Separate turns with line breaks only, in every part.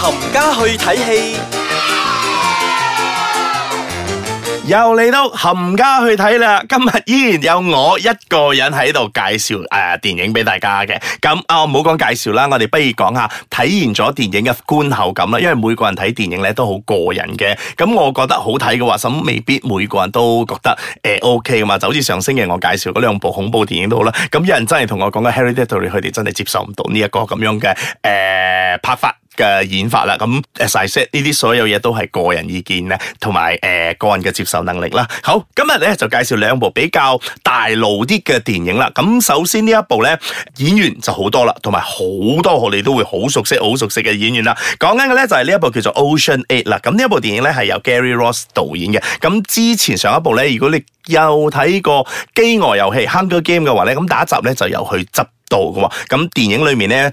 冚家去睇戲，又嚟到冚家去睇啦！今日依然有我一個人喺度介紹誒、呃、電影俾大家嘅。咁、嗯、啊，我唔好講介紹啦，我哋不如講下睇完咗電影嘅觀後感啦。因為每個人睇電影咧都好個人嘅，咁我覺得好睇嘅話，咁未必每個人都覺得誒、呃、OK 噶嘛。就好似上星期嘅我介紹嗰兩部恐怖電影都好啦。咁、嗯、有人真係同我講嘅《Hereditary》佢哋真係接受唔到呢一個咁樣嘅誒拍法，嘅演法啦，咁細聲呢啲所有嘢都係個人意見咧，同埋誒個人嘅接受能力啦。好，今日咧就介紹兩部比較大路啲嘅電影啦。咁首先呢一部咧演員就好多啦，同埋好多我哋都會好熟悉、好熟悉嘅演員啦。講緊嘅咧就係、是、呢一部叫做《Ocean Eight》啦。咁呢一部電影咧係由 Gary Ross 導演嘅。咁之前上一部咧，如果你又睇過餓遊戲、er《饑餓遊戲》《Hunger Game》嘅話咧，咁第一集咧就由佢執導㗎嘛。咁電影裏面咧。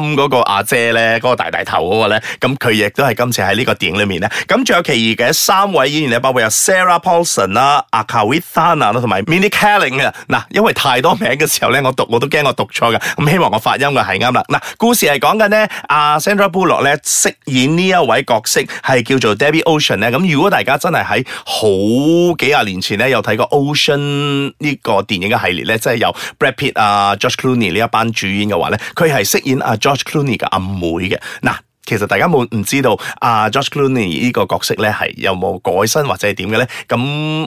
嗰個阿姐咧，嗰個大大頭嗰、嗰個咧，咁佢亦都係今次喺呢個電影裏面咧。咁仲有其餘嘅三位演員咧，包括有 Sarah Paulson 啦、啊、Awkwafina 同埋 Mindy Kaling 嘅。嗱，因為太多名嘅時候咧，我讀我都驚我讀錯嘅。咁希望我發音㗎係啱啦。嗱、啊，故事係講緊呢，阿 Sandra Bullock 咧飾演呢一位角色係叫做 Debbie Ocean 咧。咁如果大家真係喺好幾廿年前咧有睇過 Ocean 呢個電影嘅系列咧，即係由 Brad Pitt 啊、George Clooney 呢一班主演嘅話咧，佢係飾演阿、啊、Jo。George Clooney 嘅阿妹嘅嗱，其實大家冇唔知道啊，George Clooney 呢個角色咧係有冇改身或者係點嘅咧？咁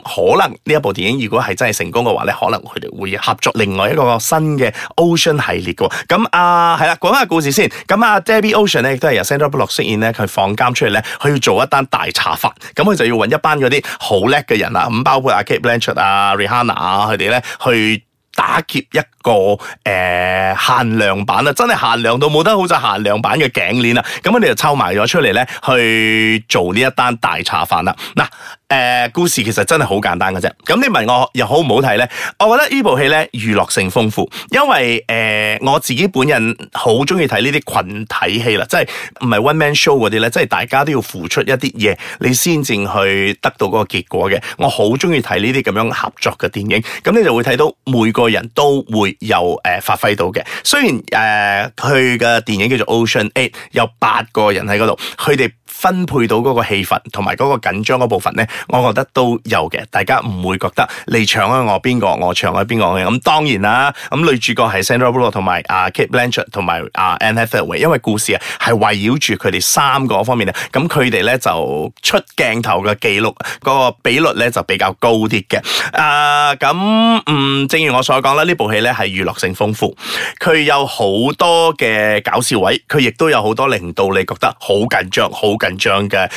可能呢一部電影如果係真係成功嘅話咧，可能佢哋會合作另外一個新嘅 Ocean 系列嘅。咁啊係啦，講下故事先。咁啊 Debbie Ocean 咧亦都係由 Sandra Bullock 飾演咧，佢放監出嚟咧，佢要做一單大茶飯。咁佢就要揾一班嗰啲好叻嘅人啊，咁包括阿 Kate Blanchett、啊 Rihanna 啊，佢哋咧去打劫一。個誒、呃、限量版啊，真係限量到冇得好就限量版嘅頸鏈啊，咁我哋就抽埋咗出嚟咧，去做呢一單大茶飯啦。嗱、呃，誒故事其實真係好簡單㗎啫。咁你問我又好唔好睇咧？我覺得呢部戲咧娛樂性豐富，因為誒、呃、我自己本人好中意睇呢啲群體戲啦，即係唔係 one man show 嗰啲咧，即係大家都要付出一啲嘢，你先至去得到嗰個結果嘅。我好中意睇呢啲咁樣合作嘅電影，咁你就會睇到每個人都會。又誒、呃、發揮到嘅，雖然誒佢嘅電影叫做 Ocean Eight，有八個人喺嗰度，佢哋分配到嗰個氣氛同埋嗰個緊張嗰部分咧，我覺得都有嘅，大家唔會覺得你搶開我邊個，我搶開邊個嘅。咁當然啦，咁女主角係 Sandra Bullock 同埋啊 Kate Blanchett 同埋啊 Anne Hathaway，因為故事啊係圍繞住佢哋三個方面啊，咁佢哋咧就出鏡頭嘅記錄嗰、那個比率咧就比較高啲嘅。啊，咁嗯，正如我所講啦，呢部戲咧娛樂性豐富，佢有好多嘅搞笑位，佢亦都有好多令到你覺得好緊張、好緊張嘅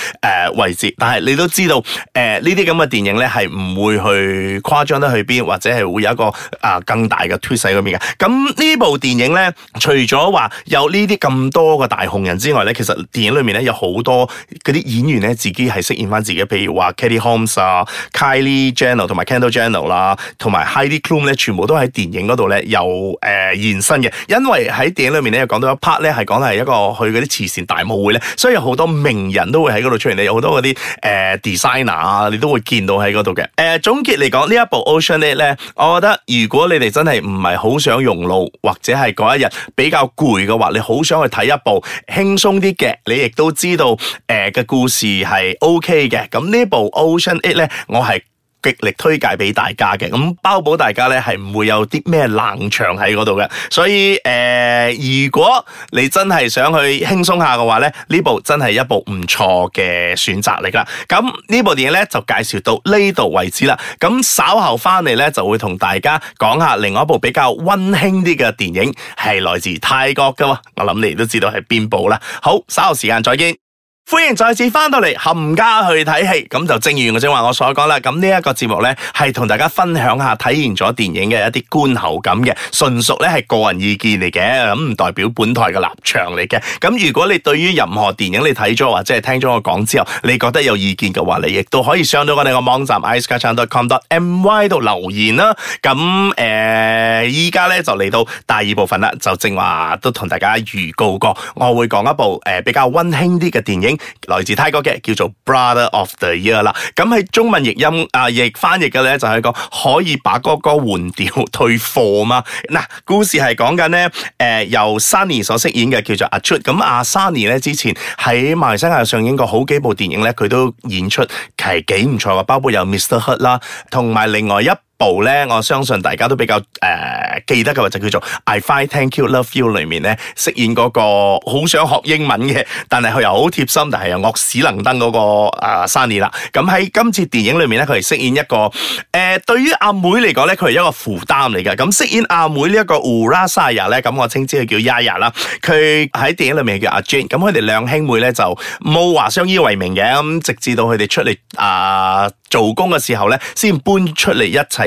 誒位置。但係你都知道，誒呢啲咁嘅電影咧，係唔會去誇張得去邊，或者係會有一個啊、呃、更大嘅 twist 喺邊嘅。咁呢部電影咧，除咗話有呢啲咁多嘅大紅人之外咧，其實電影裏面咧有好多啲演員咧自己係飾演翻自己，譬如話 Katie Holmes 啊、Kylie Jenner 同埋 Kendall Jenner 啦，同埋 Heidi Klum 咧，全部都喺電影度咧。由誒延伸嘅，因為喺電影裏面咧，又講到一 part 咧，係講係一個去嗰啲慈善大舞會咧，所以有好多名人都會喺嗰度出現，你有好多嗰啲誒、呃、designer 啊，你都會見到喺嗰度嘅。誒、呃、總結嚟講，呢一部 Ocean's 8咧，我覺得如果你哋真係唔係好想用腦，或者係嗰一日比較攰嘅話，你好想去睇一部輕鬆啲嘅，你亦都知道誒嘅、呃、故事係 OK 嘅。咁呢部 Ocean's 8咧，我係，極力推介俾大家嘅，咁包保大家咧係唔會有啲咩冷場喺嗰度嘅，所以誒、呃，如果你真係想去輕鬆下嘅話咧，呢部真係一部唔錯嘅選擇嚟噶。咁呢部電影咧就介紹到呢度為止啦。咁稍後翻嚟咧就會同大家講下另外一部比較溫馨啲嘅電影，係來自泰國噶。我諗你都知道係邊部啦。好，稍後時間再見。歡迎再次翻到嚟《冚家去睇戲，咁就正如我正話我所講啦。咁呢一個節目呢，係同大家分享下體驗咗電影嘅一啲觀後感嘅，純屬呢係個人意見嚟嘅，咁唔代表本台嘅立場嚟嘅。咁如果你對於任何電影你睇咗或者係聽咗我講之後，你覺得有意見嘅話，你亦都可以上到我哋個網站 icecast.com.my 度留言啦。咁誒，依家呢，就嚟到第二部分啦，就正話都同大家預告過，我會講一部誒比較溫馨啲嘅電影。來自泰國嘅叫做 Brother of the Year 啦，咁喺中文譯音啊譯翻譯嘅咧就係講可以把哥哥換掉退貨嘛。嗱，故事係講緊咧，誒、呃、由 Sunny 所飾演嘅叫做阿 Chut 咁阿 Sunny 咧之前喺馬來西亞上映過好幾部電影咧，佢都演出係幾唔錯，包括有 Mr. Hut 啦，同埋另外一。部咧，我相信大家都比較誒、呃、記得嘅就叫做《I Fight Thank You Love You》裏面咧，飾演個好想學英文嘅，但係佢又好貼心，但係又惡屎能登嗰、嗰個啊 Sunny 啦。咁、呃、喺今次電影裏面咧，佢係飾演一個誒、呃、對於阿妹嚟講咧，佢係一個負擔嚟嘅。咁飾演阿妹呢一個烏拉沙雅咧，咁我稱之佢叫 Yaya 啦。佢喺電影裏面叫阿 Jane。咁佢哋兩兄妹咧就冇話相依為命嘅，咁直至到佢哋出嚟啊、呃、做工嘅時候咧，先搬出嚟一齊。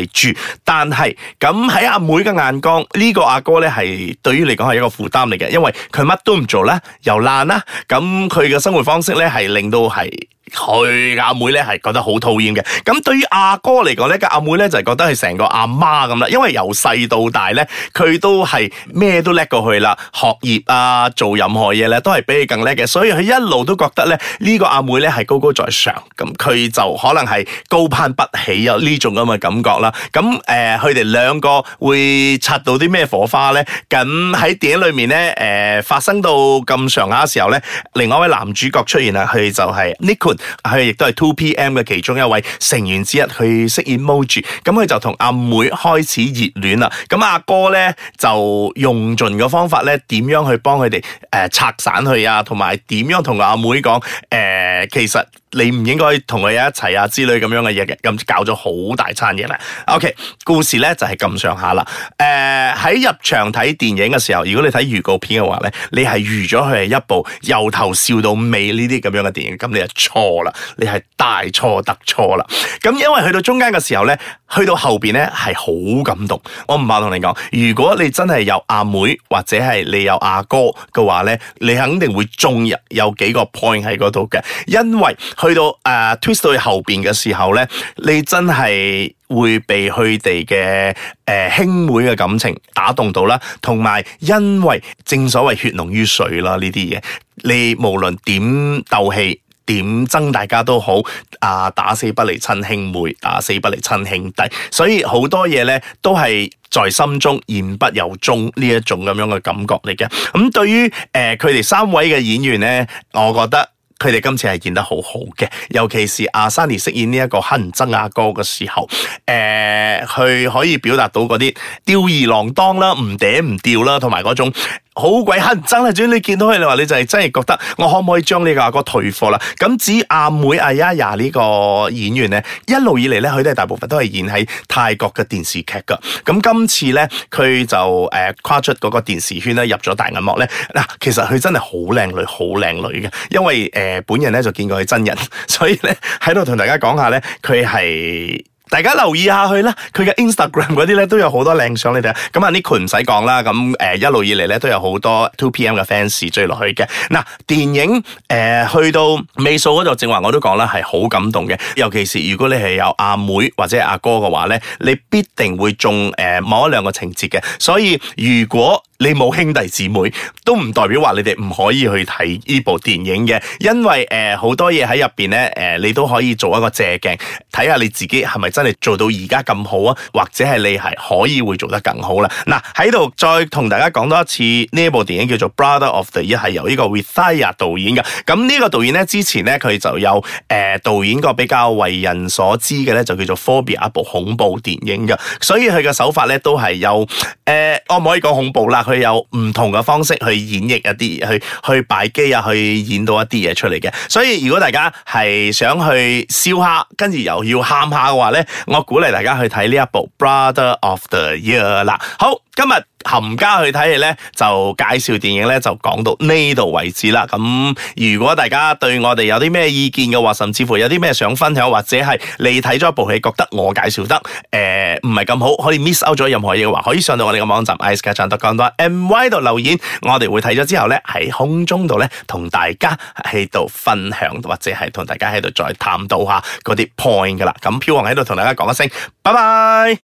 但係咁喺阿妹嘅眼光，呢個阿哥呢係對於你嚟講係一個負擔嚟嘅，因為佢乜都唔做啦，又懶啦，咁佢嘅生活方式呢係令到係。佢阿妹咧係覺得好討厭嘅，咁對於阿哥嚟講呢個阿妹咧就係覺得係成個阿媽咁啦，因為由細到大咧，佢都係咩都叻過去啦，學業啊，做任何嘢咧都係比你更叻嘅，所以佢一路都覺得咧呢個阿妹咧係高高在上，咁佢就可能係高攀不起啊呢種咁嘅感覺啦。咁、呃、誒，佢哋兩個會擦到啲咩火花咧？咁喺電影裏面咧，誒、呃、發生到咁上下時候咧，另外一位男主角出現啦，佢就係 Nicole 佢亦都係 Two PM 嘅其中一位成員之一去飾演 Moji，咁佢就同阿妹，妹開始熱戀啦。咁阿哥咧就用盡嘅方法咧，點樣去幫佢哋、呃、拆散佢啊？同埋點樣同阿妹講誒、呃，其實。你唔應該同佢一齊啊之類咁樣嘅嘢嘅，咁搞咗好大餐嘢啦。OK，故事咧就係咁上下啦。誒、呃，喺入場睇電影嘅時候，如果你睇預告片嘅話咧，你係預咗佢係一部由頭笑到尾呢啲咁樣嘅電影，咁你就錯啦，你係大錯特錯啦。咁因為去到中間嘅時候咧，去到後邊咧係好感動。我唔怕同你講，如果你真係有阿妹或者係你有阿哥嘅話咧，你肯定會中入有幾個 point 喺嗰度嘅，因為。去到誒、uh, twist 到去後面嘅時候咧，你真係會被佢哋嘅誒兄妹嘅感情打動到啦，同埋因為正所謂血濃於水啦，呢啲嘢你無論點鬥氣點爭，憎大家都好啊，打死不離親兄妹，打死不離親兄弟，所以好多嘢咧都係在心中言不由衷呢一種咁樣嘅感覺嚟嘅。咁對於誒佢哋三位嘅演員咧，我覺得。佢哋今次係演得好好嘅，尤其是阿沙尼飾演呢、這、一個黑人曾阿哥嘅時候，誒、呃，佢可以表達到嗰啲吊兒郎當啦、唔嗲唔吊啦，同埋嗰種。好鬼黑憎啊！主要你見到佢，你話你就係真係覺得我可唔可以將呢個阿哥退貨啦？咁至於阿妹阿雅雅，呢個演員呢，一路以嚟呢，佢都係大部分都係演喺泰國嘅電視劇噶。咁今次呢，佢就誒、呃、跨出嗰個電視圈咧，入咗大銀幕呢。嗱，其實佢真係好靚女，好靚女嘅。因為誒、呃、本人呢，就見過佢真人，所以呢，喺度同大家講下呢，佢係。大家留意下，下去啦，佢嘅 Instagram 嗰啲，咧都有好多靚相你睇下，咁啊 Nico 唔使講啦，咁誒一路以嚟，咧都有好多 2PM 嘅 fans 追落去嘅。嗱，電影誒、呃、去到尾數嗰度，正話我都講啦，係好感動嘅。尤其是如果你係有阿妹或者阿哥嘅話咧，你必定會中誒某一兩個情節嘅。所以如果你冇兄弟姊妹都唔代表話你哋唔可以去睇呢部電影嘅，因為誒好、呃、多嘢喺入邊咧，誒、呃、你都可以做一個借鏡，睇下你自己係咪真係做到而家咁好啊，或者係你係可以會做得更好啦。嗱，喺度再同大家講多一次呢一部電影叫做《Brother of the Year》，係由呢個 Withaya 導演嘅。咁呢個導演咧之前咧佢就有誒、呃、導演個比較為人所知嘅咧就叫做《Phobia》一部恐怖電影嘅，所以佢嘅手法咧都係有誒、呃、我唔可以講恐怖啦。佢有唔同嘅方式去演繹一啲，去去擺機啊，去演到一啲嘢出嚟嘅。所以如果大家係想去笑下，跟住又要喊下嘅話咧，我鼓勵大家去睇呢一部《Brother of the Year》啦。好，今日冚家去睇戲咧，就介紹電影咧，就講到呢度為止啦。咁如果大家對我哋有啲咩意見嘅話，甚至乎有啲咩想分享，或者係你睇咗一部戲覺得我介紹得誒。欸唔係咁好，可以 miss out 咗任何嘢嘅話，可以上到我哋嘅網站 icecatchan.com.my 度留言，我哋會睇咗之後咧，喺空中度咧同大家喺度分享，或者係同大家喺度再探討下嗰啲 point 噶啦。咁飄王喺度同大家講一聲，拜拜。